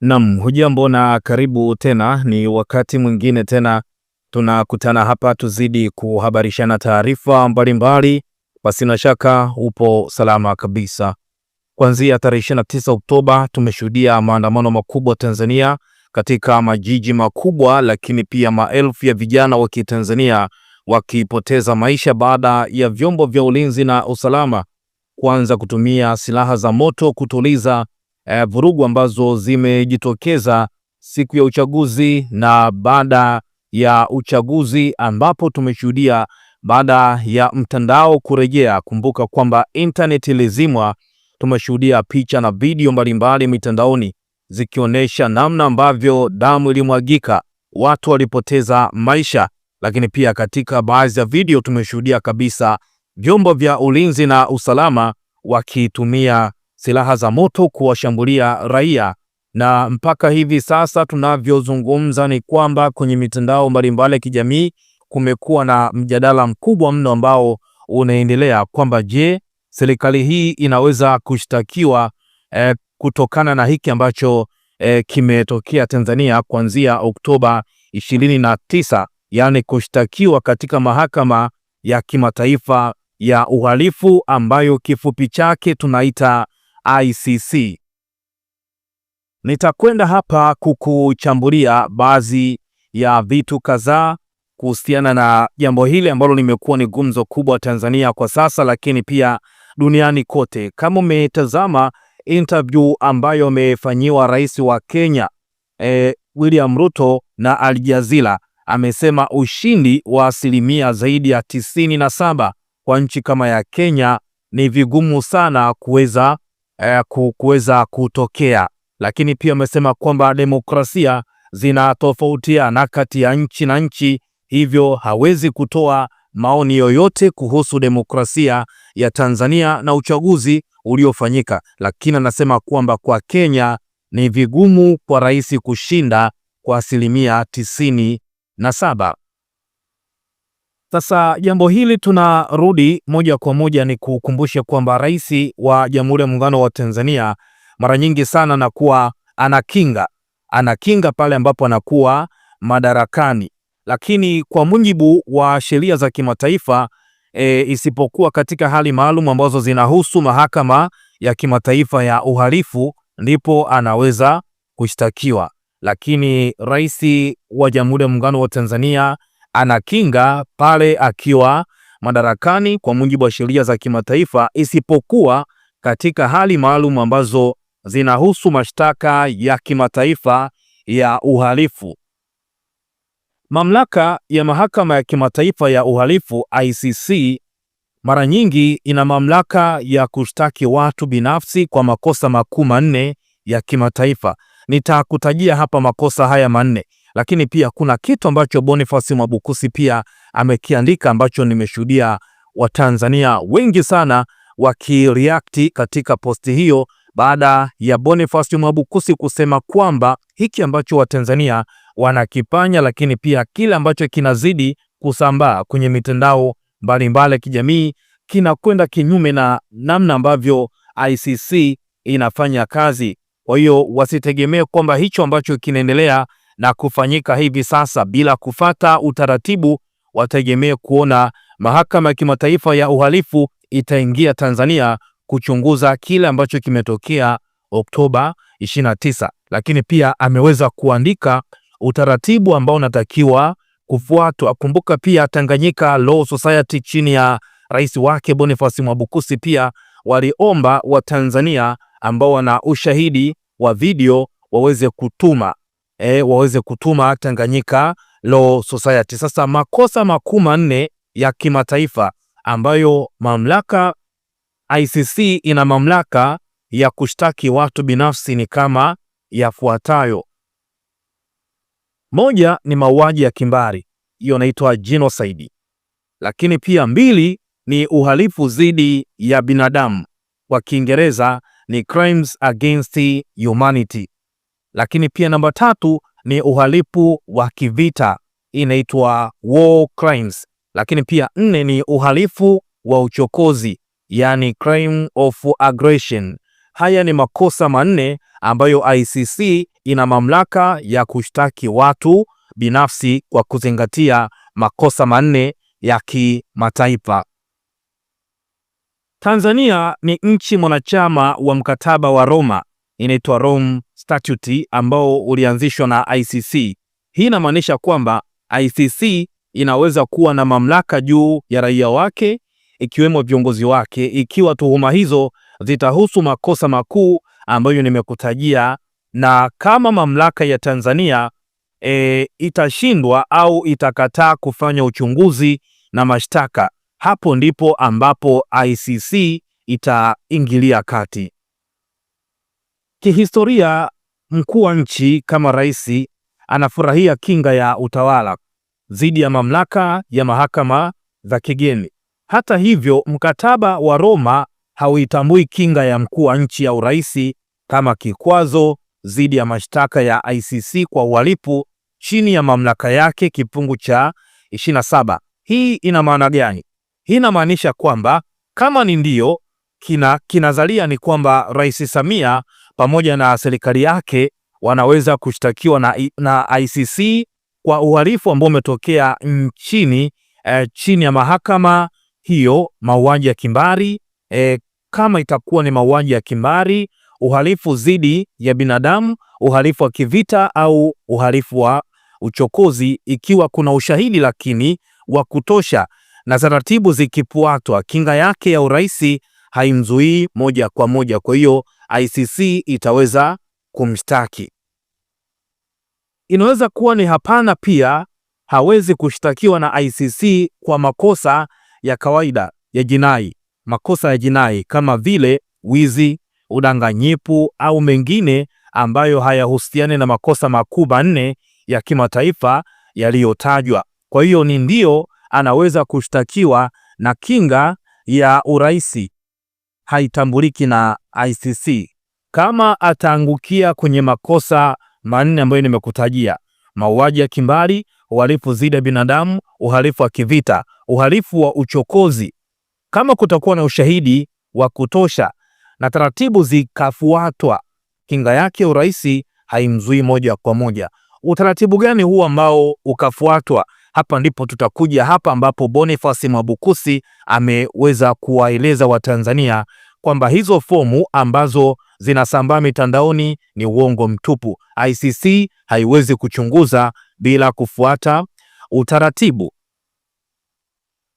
nam hujambo na karibu tena. Ni wakati mwingine tena tunakutana hapa tuzidi kuhabarishana taarifa mbalimbali. Basi na shaka upo salama kabisa. Kuanzia tarehe 29 Oktoba tumeshuhudia maandamano makubwa Tanzania katika majiji makubwa, lakini pia maelfu ya vijana wa Kitanzania wakipoteza maisha baada ya vyombo vya ulinzi na usalama kuanza kutumia silaha za moto kutuliza eh, vurugu ambazo zimejitokeza siku ya uchaguzi na baada ya uchaguzi ambapo tumeshuhudia baada ya mtandao kurejea. Kumbuka kwamba internet ilizimwa. Tumeshuhudia picha na video mbalimbali mitandaoni zikionyesha namna ambavyo damu ilimwagika, watu walipoteza maisha, lakini pia katika baadhi ya video tumeshuhudia kabisa vyombo vya ulinzi na usalama wakitumia silaha za moto kuwashambulia raia, na mpaka hivi sasa tunavyozungumza ni kwamba kwenye mitandao mbalimbali ya kijamii kumekuwa na mjadala mkubwa mno ambao unaendelea kwamba je, serikali hii inaweza kushtakiwa eh, kutokana na hiki ambacho eh, kimetokea Tanzania kuanzia Oktoba 29 yani kushtakiwa katika mahakama ya kimataifa ya uhalifu ambayo kifupi chake tunaita ICC. Nitakwenda hapa kukuchambulia baadhi ya vitu kadhaa kuhusiana na jambo hili ambalo limekuwa ni gumzo kubwa Tanzania kwa sasa, lakini pia duniani kote. Kama umetazama interview ambayo amefanyiwa rais wa Kenya e, William Ruto na Al Jazeera, amesema ushindi wa asilimia zaidi ya tisini na saba kwa nchi kama ya Kenya ni vigumu sana kuweza eh, kuweza kutokea, lakini pia amesema kwamba demokrasia zinatofautiana kati ya nchi na nchi, hivyo hawezi kutoa maoni yoyote kuhusu demokrasia ya Tanzania na uchaguzi uliofanyika, lakini anasema kwamba kwa Kenya ni vigumu kwa rais kushinda kwa asilimia tisini na saba. Sasa jambo hili tunarudi moja kwa moja ni kukumbusha kwamba Rais wa Jamhuri ya Muungano wa Tanzania mara nyingi sana anakuwa anakinga anakinga pale ambapo anakuwa madarakani, lakini kwa mujibu wa sheria za kimataifa e, isipokuwa katika hali maalum ambazo zinahusu Mahakama ya Kimataifa ya Uhalifu ndipo anaweza kushtakiwa, lakini Rais wa Jamhuri ya Muungano wa Tanzania anakinga pale akiwa madarakani kwa mujibu wa sheria za kimataifa, isipokuwa katika hali maalum ambazo zinahusu mashtaka ya kimataifa ya uhalifu. Mamlaka ya mahakama ya kimataifa ya uhalifu ICC mara nyingi ina mamlaka ya kushtaki watu binafsi kwa makosa makuu manne ya kimataifa. Nitakutajia hapa makosa haya manne lakini pia kuna kitu ambacho Boniface Mwabukusi pia amekiandika ambacho nimeshuhudia Watanzania wengi sana wakireact katika posti hiyo baada ya Boniface Mwabukusi kusema kwamba hiki ambacho Watanzania wanakipanya, lakini pia kile ambacho kinazidi kusambaa kwenye mitandao mbalimbali ya kijamii kinakwenda kinyume na namna ambavyo ICC inafanya kazi. Kwa hiyo wasitegemee kwamba hicho ambacho kinaendelea na kufanyika hivi sasa bila kufata utaratibu, wategemee kuona mahakama ya kimataifa ya uhalifu itaingia Tanzania kuchunguza kile ambacho kimetokea Oktoba 29. Lakini pia ameweza kuandika utaratibu ambao unatakiwa kufuatwa. Kumbuka pia Tanganyika Law Society chini ya rais wake Boniface Mwabukusi pia waliomba Watanzania ambao wana ushahidi wa video waweze kutuma e, waweze kutuma Tanganyika Law Society. Sasa makosa makuu manne ya kimataifa ambayo mamlaka ICC ina mamlaka ya kushtaki watu binafsi ni kama yafuatayo: moja ni mauaji ya kimbari, hiyo inaitwa genocide. Lakini pia mbili ni uhalifu dhidi ya binadamu, kwa Kiingereza ni crimes against humanity. Lakini pia namba tatu ni uhalifu wa kivita, inaitwa war crimes. Lakini pia nne ni uhalifu wa uchokozi, yani crime of aggression. Haya ni makosa manne ambayo ICC ina mamlaka ya kushtaki watu binafsi kwa kuzingatia makosa manne ya kimataifa. Tanzania ni nchi mwanachama wa mkataba wa Roma inaitwa Rome Statute ambao ulianzishwa na ICC. Hii inamaanisha kwamba ICC inaweza kuwa na mamlaka juu ya raia wake ikiwemo viongozi wake, ikiwa tuhuma hizo zitahusu makosa makuu ambayo nimekutajia, na kama mamlaka ya Tanzania e, itashindwa au itakataa kufanya uchunguzi na mashtaka, hapo ndipo ambapo ICC itaingilia kati. Kihistoria, mkuu wa nchi kama rais anafurahia kinga ya utawala dhidi ya mamlaka ya mahakama za kigeni. Hata hivyo, mkataba wa Roma hauitambui kinga ya mkuu wa nchi au rais kama kikwazo dhidi ya mashtaka ya ICC kwa uhalifu chini ya mamlaka yake, kifungu cha 27. Hii ina maana gani? Hii inamaanisha kwamba kama ni ndio kina kinazalia ni kwamba Rais Samia pamoja na serikali yake wanaweza kushtakiwa na, na ICC kwa uhalifu ambao umetokea nchini e, chini ya mahakama hiyo, mauaji ya kimbari e, kama itakuwa ni mauaji ya kimbari, uhalifu dhidi ya binadamu, uhalifu wa kivita au uhalifu wa uchokozi, ikiwa kuna ushahidi lakini wa kutosha na taratibu zikifuatwa, kinga yake ya uraisi haimzuii moja kwa moja. Kwa hiyo ICC itaweza kumshtaki. Inaweza kuwa ni hapana, pia hawezi kushtakiwa na ICC kwa makosa ya kawaida ya jinai, makosa ya jinai kama vile wizi, udanganyifu au mengine ambayo hayahusiani na makosa makuu manne ya kimataifa yaliyotajwa. Kwa hiyo ni ndio anaweza kushtakiwa na kinga ya uraisi haitambuliki na ICC. Kama ataangukia kwenye makosa manne ambayo nimekutajia: mauaji ya kimbari, uhalifu dhidi ya binadamu, uhalifu wa kivita, uhalifu wa uchokozi, kama kutakuwa na ushahidi wa kutosha na taratibu zikafuatwa, kinga yake urais haimzui moja kwa moja. Utaratibu gani huu ambao ukafuatwa? Hapa ndipo tutakuja hapa ambapo Boniface Mwabukusi ameweza kuwaeleza Watanzania kwamba hizo fomu ambazo zinasambaa mitandaoni ni uongo mtupu. ICC haiwezi kuchunguza bila kufuata utaratibu.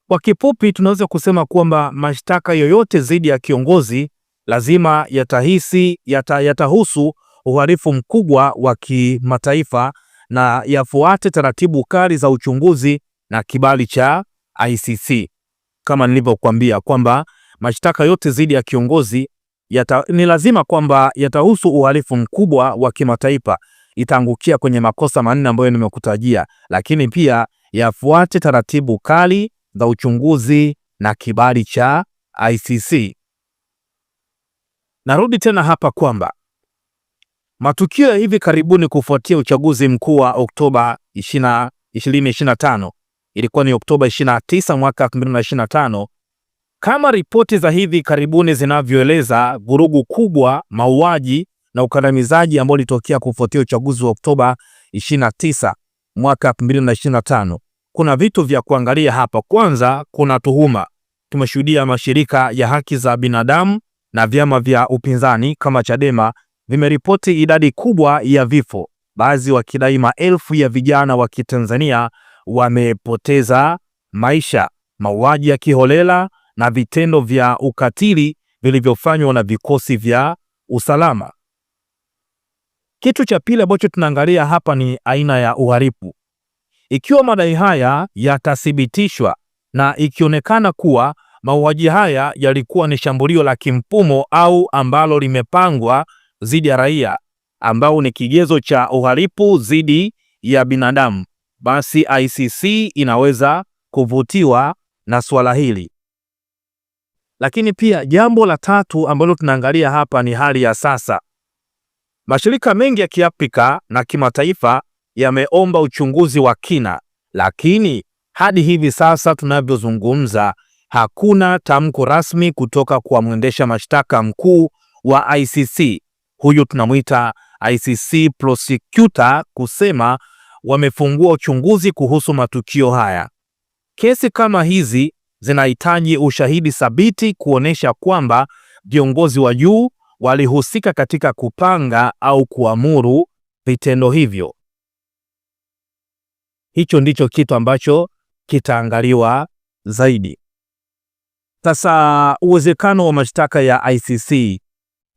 Kwa kifupi, tunaweza kusema kwamba mashtaka yoyote dhidi ya kiongozi lazima yatahisi yata, yatahusu uhalifu mkubwa wa kimataifa na yafuate taratibu kali za uchunguzi na kibali cha ICC. Kama nilivyokuambia kwamba mashtaka yote dhidi ya kiongozi yata, ni lazima kwamba yatahusu uhalifu mkubwa wa kimataifa, itaangukia kwenye makosa manne ambayo nimekutajia, lakini pia yafuate taratibu kali za uchunguzi na kibali cha ICC. Narudi tena hapa kwamba Matukio ya hivi karibuni kufuatia uchaguzi mkuu wa Oktoba 2025, ilikuwa ni Oktoba 29 mwaka 2025. Kama ripoti za hivi karibuni zinavyoeleza, vurugu kubwa, mauaji na ukandamizaji ambao ulitokea kufuatia uchaguzi wa Oktoba 29 mwaka 2025. Kuna vitu vya kuangalia hapa. Kwanza, kuna tuhuma. Tumeshuhudia mashirika ya haki za binadamu na vyama vya upinzani kama Chadema vimeripoti idadi kubwa ya vifo, baadhi wakidai maelfu ya vijana wa Kitanzania wamepoteza maisha. Mauaji ya kiholela na vitendo vya ukatili vilivyofanywa na vikosi vya usalama. Kitu cha pili ambacho tunaangalia hapa ni aina ya uhalifu. Ikiwa madai haya yatathibitishwa na ikionekana kuwa mauaji haya yalikuwa ni shambulio la kimfumo au ambalo limepangwa dhidi ya raia ambao ni kigezo cha uhalifu dhidi ya binadamu, basi ICC inaweza kuvutiwa na suala hili. Lakini pia jambo la tatu ambalo tunaangalia hapa ni hali ya sasa. Mashirika mengi ya Kiafrika na kimataifa yameomba uchunguzi wa kina, lakini hadi hivi sasa tunavyozungumza, hakuna tamko rasmi kutoka kwa mwendesha mashtaka mkuu wa ICC huyu tunamwita ICC prosecutor kusema wamefungua uchunguzi kuhusu matukio haya. Kesi kama hizi zinahitaji ushahidi thabiti kuonesha kwamba viongozi wa juu walihusika katika kupanga au kuamuru vitendo hivyo. Hicho ndicho kitu ambacho kitaangaliwa zaidi. Sasa uwezekano wa mashtaka ya ICC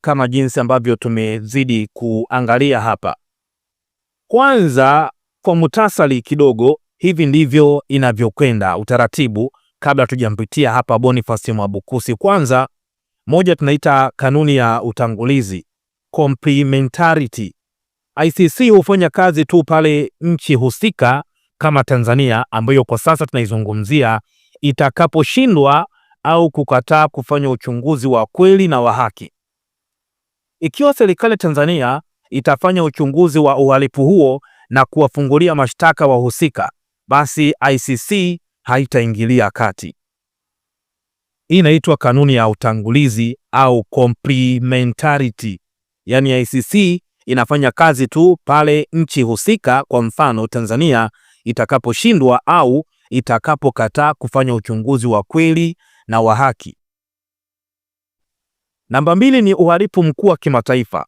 kama jinsi ambavyo tumezidi kuangalia hapa. Kwanza, kwa mutasari kidogo, hivi ndivyo inavyokwenda utaratibu kabla tujampitia hapa Boniface Mwabukusi. Kwanza, moja tunaita kanuni ya utangulizi complementarity. ICC hufanya kazi tu pale nchi husika kama Tanzania ambayo kwa sasa tunaizungumzia itakaposhindwa au kukataa kufanya uchunguzi wa kweli na wa haki ikiwa serikali ya Tanzania itafanya uchunguzi wa uhalifu huo na kuwafungulia mashtaka wahusika, basi ICC haitaingilia kati. Hii inaitwa kanuni ya utangulizi au complementarity, yaani ICC inafanya kazi tu pale nchi husika, kwa mfano Tanzania, itakaposhindwa au itakapokataa kufanya uchunguzi wa kweli na wa haki. Namba mbili ni uhalifu mkuu wa kimataifa.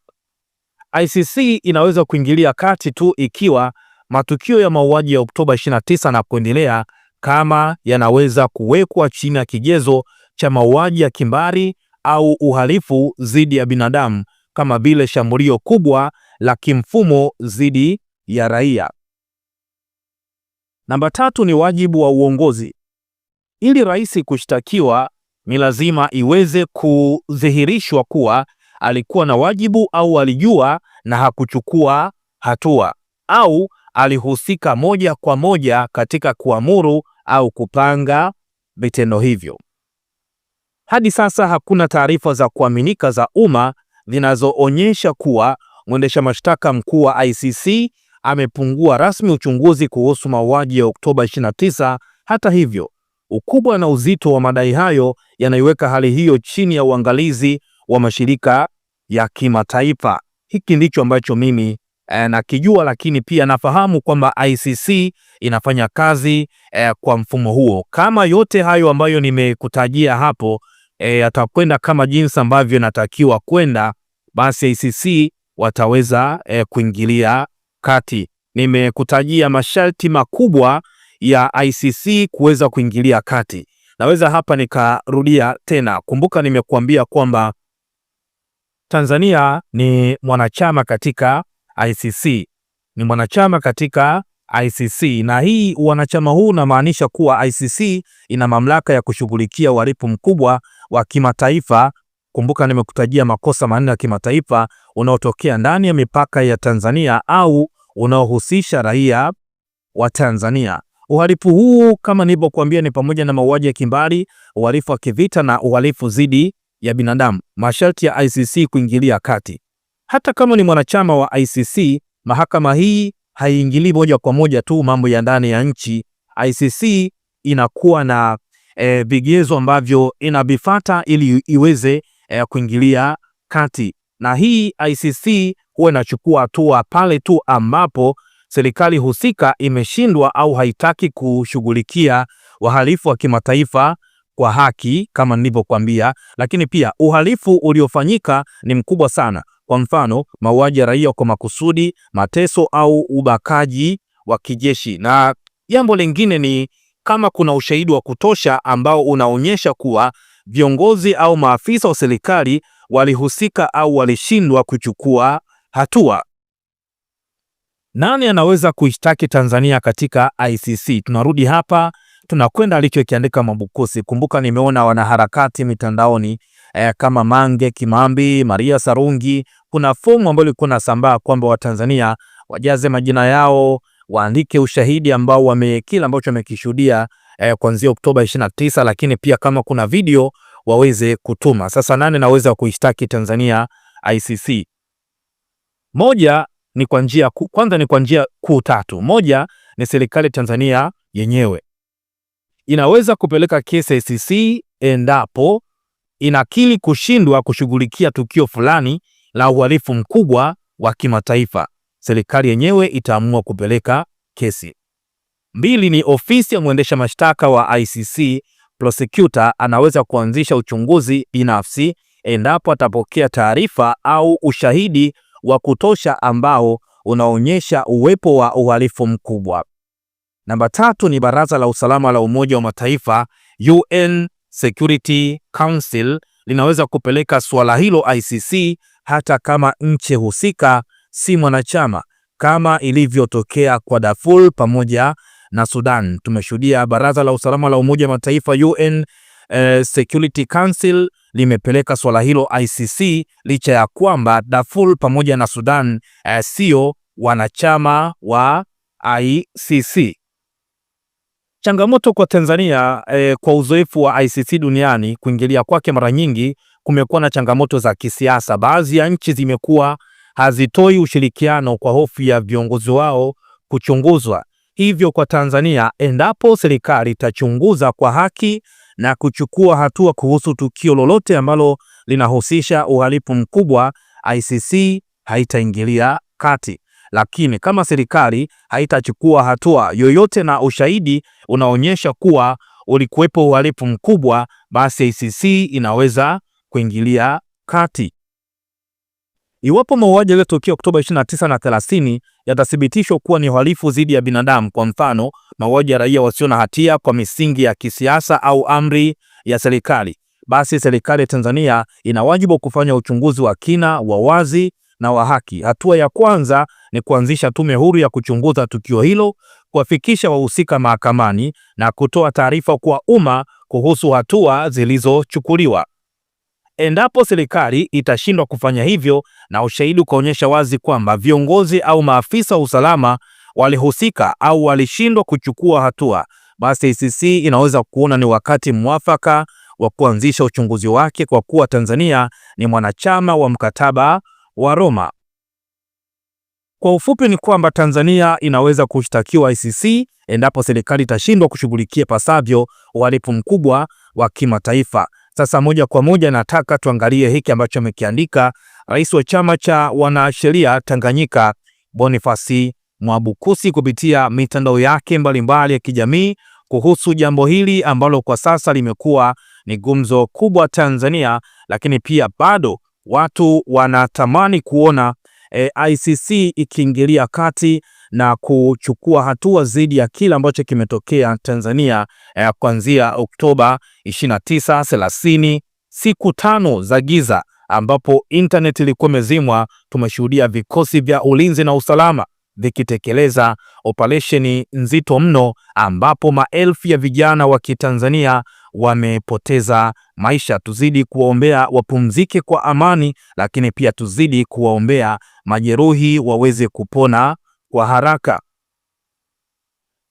ICC inaweza kuingilia kati tu ikiwa matukio ya mauaji ya Oktoba 29 na kuendelea kama yanaweza kuwekwa chini ya kigezo cha mauaji ya kimbari au uhalifu dhidi ya binadamu kama vile shambulio kubwa la kimfumo dhidi ya raia. Namba tatu ni wajibu wa uongozi. Ili rais kushtakiwa ni lazima iweze kudhihirishwa kuwa alikuwa na wajibu au alijua na hakuchukua hatua au alihusika moja kwa moja katika kuamuru au kupanga vitendo hivyo. Hadi sasa hakuna taarifa za kuaminika za umma zinazoonyesha kuwa mwendesha mashtaka mkuu wa ICC amepungua rasmi uchunguzi kuhusu mauaji ya Oktoba 29. Hata hivyo, Ukubwa na uzito wa madai hayo yanaiweka hali hiyo chini ya uangalizi wa mashirika ya kimataifa. Hiki ndicho ambacho mimi eh, nakijua, lakini pia nafahamu kwamba ICC inafanya kazi eh, kwa mfumo huo. Kama yote hayo ambayo nimekutajia hapo eh, yatakwenda eh, kama jinsi ambavyo natakiwa kwenda, basi ICC wataweza eh, kuingilia kati. Nimekutajia masharti makubwa ya ICC kuweza kuingilia kati. Naweza hapa nikarudia tena, kumbuka nimekuambia kwamba Tanzania ni mwanachama katika ICC, ni mwanachama katika ICC na hii wanachama huu unamaanisha kuwa ICC ina mamlaka ya kushughulikia uhalifu mkubwa wa kimataifa. Kumbuka nimekutajia makosa manne ya kimataifa unaotokea ndani ya mipaka ya Tanzania au unaohusisha raia wa Tanzania. Uhalifu huu kama nilivyokuambia ni pamoja na mauaji ya kimbari, uhalifu wa kivita na uhalifu dhidi ya binadamu. Masharti ya ICC kuingilia kati. Hata kama ni mwanachama wa ICC, mahakama hii haiingilii moja kwa moja tu mambo ya ndani ya nchi. ICC inakuwa na e, vigezo ambavyo inavifata ili iweze e, kuingilia kati, na hii ICC huwa inachukua hatua pale tu ambapo serikali husika imeshindwa au haitaki kushughulikia wahalifu wa kimataifa kwa haki kama nilivyokuambia, lakini pia uhalifu uliofanyika ni mkubwa sana. Kwa mfano, mauaji ya raia kwa makusudi, mateso au ubakaji wa kijeshi. Na jambo lingine ni kama kuna ushahidi wa kutosha ambao unaonyesha kuwa viongozi au maafisa wa serikali walihusika au walishindwa kuchukua hatua nani anaweza kuishtaki Tanzania katika ICC? Tunarudi hapa tunakwenda alichokiandika Mwabukusi. Kumbuka, nimeona wanaharakati mitandaoni eh, kama Mange Kimambi, Maria Sarungi, kuna fomu ambayo ilikuwa inasambaa kwamba Watanzania wajaze majina yao, waandike ushahidi ambao wame kila ambacho wamekishuhudia eh, kuanzia Oktoba 29, lakini pia kama kuna video waweze kutuma. Sasa nani anaweza kuishtaki Tanzania ICC? Moja ni kwa njia kwanza, ni kwa njia kuu tatu. Moja ni serikali Tanzania yenyewe inaweza kupeleka kesi ICC endapo inakiri kushindwa kushughulikia tukio fulani la uhalifu mkubwa wa kimataifa, serikali yenyewe itaamua kupeleka kesi. Mbili ni ofisi ya mwendesha mashtaka wa ICC, prosecutor anaweza kuanzisha uchunguzi binafsi endapo atapokea taarifa au ushahidi wa kutosha ambao unaonyesha uwepo wa uhalifu mkubwa. Namba tatu ni Baraza la Usalama la Umoja wa Mataifa, UN Security Council linaweza kupeleka suala hilo ICC hata kama nchi husika si mwanachama, kama ilivyotokea kwa Darfur pamoja na Sudan. Tumeshuhudia Baraza la Usalama la Umoja wa Mataifa, UN eh, Security Council limepeleka swala hilo ICC licha ya kwamba Darfur pamoja na Sudan eh, sio wanachama wa ICC. Changamoto kwa Tanzania eh, kwa uzoefu wa ICC duniani kuingilia kwake, mara nyingi kumekuwa na changamoto za kisiasa. Baadhi ya nchi zimekuwa hazitoi ushirikiano kwa hofu ya viongozi wao kuchunguzwa. Hivyo kwa Tanzania, endapo serikali itachunguza kwa haki na kuchukua hatua kuhusu tukio lolote ambalo linahusisha uhalifu mkubwa, ICC haitaingilia kati. Lakini kama serikali haitachukua hatua yoyote na ushahidi unaonyesha kuwa ulikuwepo uhalifu mkubwa, basi ICC inaweza kuingilia kati. Iwapo mauaji yaliyotokea Oktoba 29 na 30 yatathibitishwa kuwa ni uhalifu dhidi ya binadamu, kwa mfano mauaji ya raia wasio na hatia kwa misingi ya kisiasa au amri ya serikali, basi serikali ya Tanzania ina wajibu wa kufanya uchunguzi wa kina, wa wazi na wa haki. Hatua ya kwanza ni kuanzisha tume huru ya kuchunguza tukio hilo, kuwafikisha wahusika mahakamani na kutoa taarifa kwa umma kuhusu hatua zilizochukuliwa. Endapo serikali itashindwa kufanya hivyo na ushahidi ukaonyesha wazi kwamba viongozi au maafisa wa usalama walihusika au walishindwa kuchukua hatua, basi ICC inaweza kuona ni wakati mwafaka wa kuanzisha uchunguzi wake kwa kuwa Tanzania ni mwanachama wa mkataba wa Roma. Kwa ufupi ni kwamba Tanzania inaweza kushtakiwa ICC endapo serikali itashindwa kushughulikia pasavyo uhalifu mkubwa wa kimataifa. Sasa moja kwa moja nataka tuangalie hiki ambacho amekiandika rais wa chama cha wanasheria Tanganyika Bonifasi Mwabukusi kupitia mitandao yake mbalimbali ya kijamii kuhusu jambo hili ambalo kwa sasa limekuwa ni gumzo kubwa Tanzania, lakini pia bado watu wanatamani kuona e, eh, ICC ikiingilia kati na kuchukua hatua dhidi ya kile ambacho kimetokea Tanzania eh, kuanzia Oktoba 29, 30, siku tano za giza ambapo internet ilikuwa imezimwa. Tumeshuhudia vikosi vya ulinzi na usalama vikitekeleza operesheni nzito mno, ambapo maelfu ya vijana wa Kitanzania wamepoteza maisha. Tuzidi kuwaombea wapumzike kwa amani, lakini pia tuzidi kuwaombea majeruhi waweze kupona wa haraka.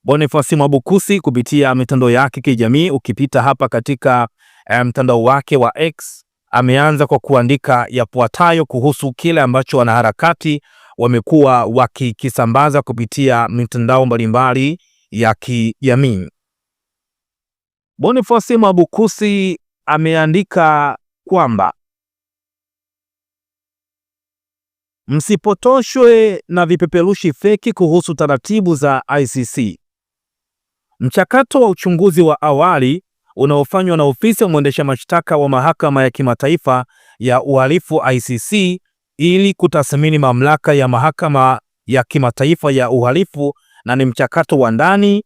Boniface Mwabukusi kupitia mitandao yake kijamii, ukipita hapa katika eh, mtandao wake wa X ameanza kwa kuandika yafuatayo kuhusu kile ambacho wanaharakati wamekuwa wakikisambaza kupitia mitandao mbalimbali ya kijamii. Boniface Mwabukusi ameandika kwamba Msipotoshwe na vipeperushi feki kuhusu taratibu za ICC. Mchakato wa uchunguzi wa awali unaofanywa na ofisi ya mwendesha mashtaka wa mahakama ya kimataifa ya uhalifu ICC ili kutathmini mamlaka ya mahakama ya kimataifa ya uhalifu na ni mchakato wa ndani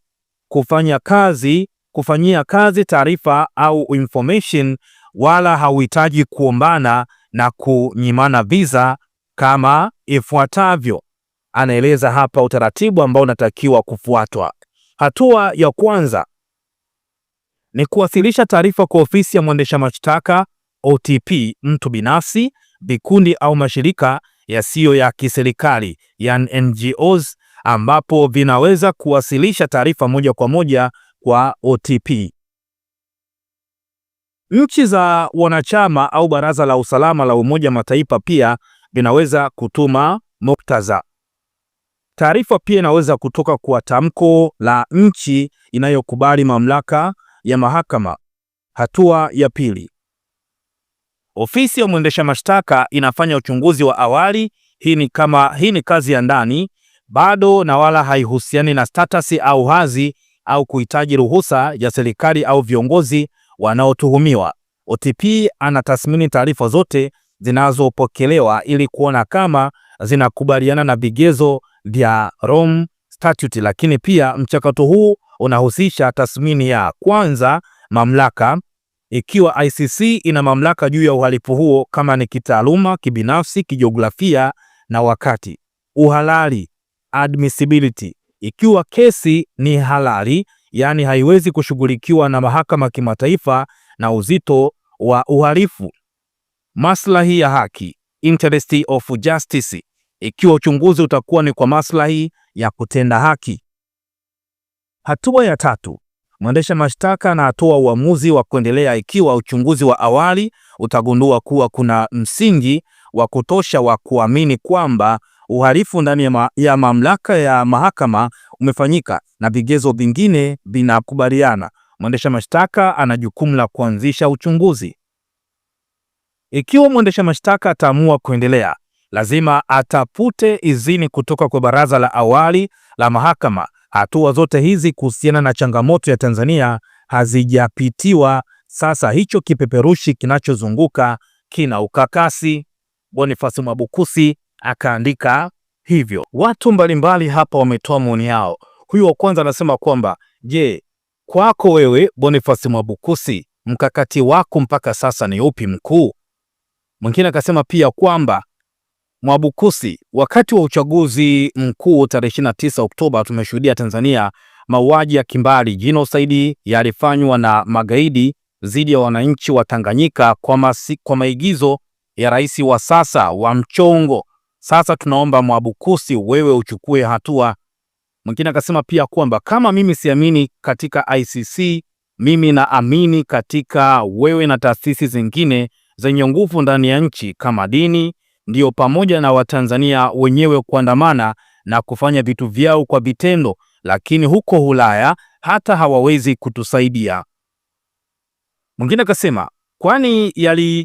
kufanya kazi kufanyia kazi taarifa au information, wala hauhitaji kuombana na kunyimana visa kama ifuatavyo. Anaeleza hapa utaratibu ambao unatakiwa kufuatwa. Hatua ya kwanza ni kuwasilisha taarifa kwa ofisi ya mwendesha mashtaka OTP, mtu binafsi, vikundi au mashirika yasiyo ya kiserikali yani NGOs, ambapo vinaweza kuwasilisha taarifa moja kwa moja kwa OTP. Nchi za wanachama au Baraza la Usalama la Umoja Mataifa pia vinaweza kutuma muktadha. Taarifa pia inaweza kutoka kwa tamko la nchi inayokubali mamlaka ya mahakama. Hatua ya pili, ofisi ya mwendesha mashtaka inafanya uchunguzi wa awali. Hii ni kama hii ni kazi ya ndani bado na wala haihusiani na status au hadhi au kuhitaji ruhusa ya serikali au viongozi wanaotuhumiwa. OTP anatathmini taarifa zote zinazopokelewa ili kuona kama zinakubaliana na vigezo vya Rome Statute, lakini pia mchakato huu unahusisha tathmini ya kwanza mamlaka ikiwa ICC ina mamlaka juu ya uhalifu huo kama ni kitaaluma, kibinafsi, kijiografia na wakati. Uhalali, admissibility, ikiwa kesi ni halali, yaani haiwezi kushughulikiwa na mahakama kimataifa na uzito wa uhalifu maslahi ya haki, interest of justice, ikiwa uchunguzi utakuwa ni kwa maslahi ya kutenda haki. Hatua ya tatu, mwendesha mashtaka na atoa uamuzi wa kuendelea ikiwa uchunguzi wa awali utagundua kuwa kuna msingi wa kutosha wa kuamini kwamba uhalifu ndani ya, ma ya mamlaka ya mahakama umefanyika na vigezo vingine vinakubaliana. Mwendesha mashtaka ana jukumu la kuanzisha uchunguzi. Ikiwa mwendesha mashtaka ataamua kuendelea, lazima atafute idhini kutoka kwa baraza la awali la mahakama. Hatua zote hizi kuhusiana na changamoto ya Tanzania hazijapitiwa. Sasa hicho kipeperushi kinachozunguka kina ukakasi. Boniface Mwabukusi akaandika hivyo. Watu mbalimbali hapa wametoa maoni yao. Huyu wa kwanza anasema kwamba je, kwako wewe Boniface Mwabukusi, mkakati wako mpaka sasa ni upi mkuu? Mwingine akasema pia kwamba Mwabukusi, wakati wa uchaguzi mkuu tarehe 29 Oktoba tumeshuhudia Tanzania mauaji ya kimbari jinosaidi yalifanywa na magaidi dhidi ya wananchi wa Tanganyika kwa, masi, kwa maigizo ya rais wa sasa wa mchongo. Sasa tunaomba Mwabukusi, wewe uchukue hatua. Mwingine akasema pia kwamba kama mimi siamini katika ICC, mimi naamini katika wewe na taasisi zingine zenye nguvu ndani ya nchi kama dini, ndiyo pamoja na Watanzania wenyewe kuandamana na kufanya vitu vyao kwa vitendo, lakini huko Ulaya hata hawawezi kutusaidia. Mwingine akasema kwani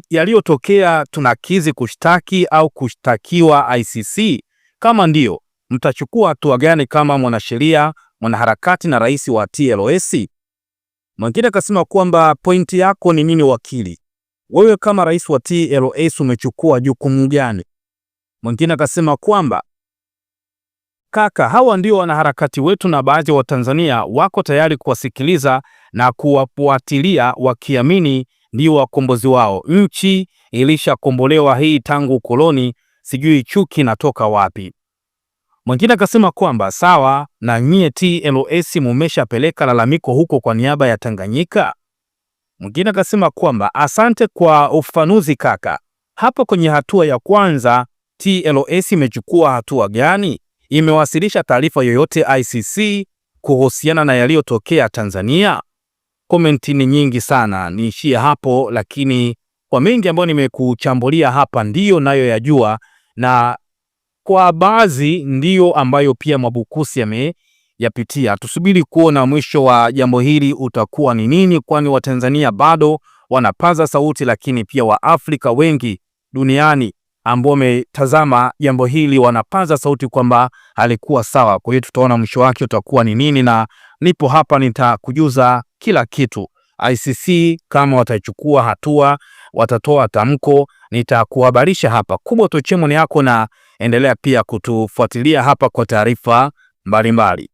yaliyotokea yali tunakizi kushtaki au kushtakiwa ICC? Kama ndiyo, mtachukua hatua gani kama mwanasheria, mwanaharakati na rais wa TLS? Mwingine akasema kwamba pointi yako ni nini wakili? wewe kama rais wa TLS umechukua jukumu gani? Mwingine akasema kwamba kaka, hawa ndio wanaharakati wetu na baadhi ya Watanzania wako tayari kuwasikiliza na kuwafuatilia wakiamini ndio wakombozi wao. Nchi ilishakombolewa hii tangu koloni, sijui chuki natoka wapi. Mwingine akasema kwamba sawa, na nyie TLS mumeshapeleka lalamiko huko kwa niaba ya Tanganyika. Mwingine akasema kwamba asante kwa ufafanuzi kaka. Hapo kwenye hatua ya kwanza TLS imechukua hatua gani? Imewasilisha taarifa yoyote ICC kuhusiana na yaliyotokea Tanzania? Komenti ni nyingi sana, niishie hapo, lakini kwa mengi ambayo nimekuchambulia hapa ndiyo nayo yajua, na kwa baadhi ndiyo ambayo pia Mwabukusi ame yapitia. Tusubiri kuona mwisho wa jambo hili utakuwa ni nini, kwani Watanzania bado wanapaza sauti, lakini pia Waafrika wengi duniani ambao wametazama jambo hili wanapaza sauti kwamba alikuwa sawa. Kwa hiyo tutaona mwisho wake utakuwa ni nini, na nipo hapa nitakujuza kila kitu. ICC kama watachukua hatua, watatoa tamko, nitakuhabarisha hapa. Kubwa Tochemo ni yako, na endelea pia kutufuatilia hapa kwa taarifa mbalimbali.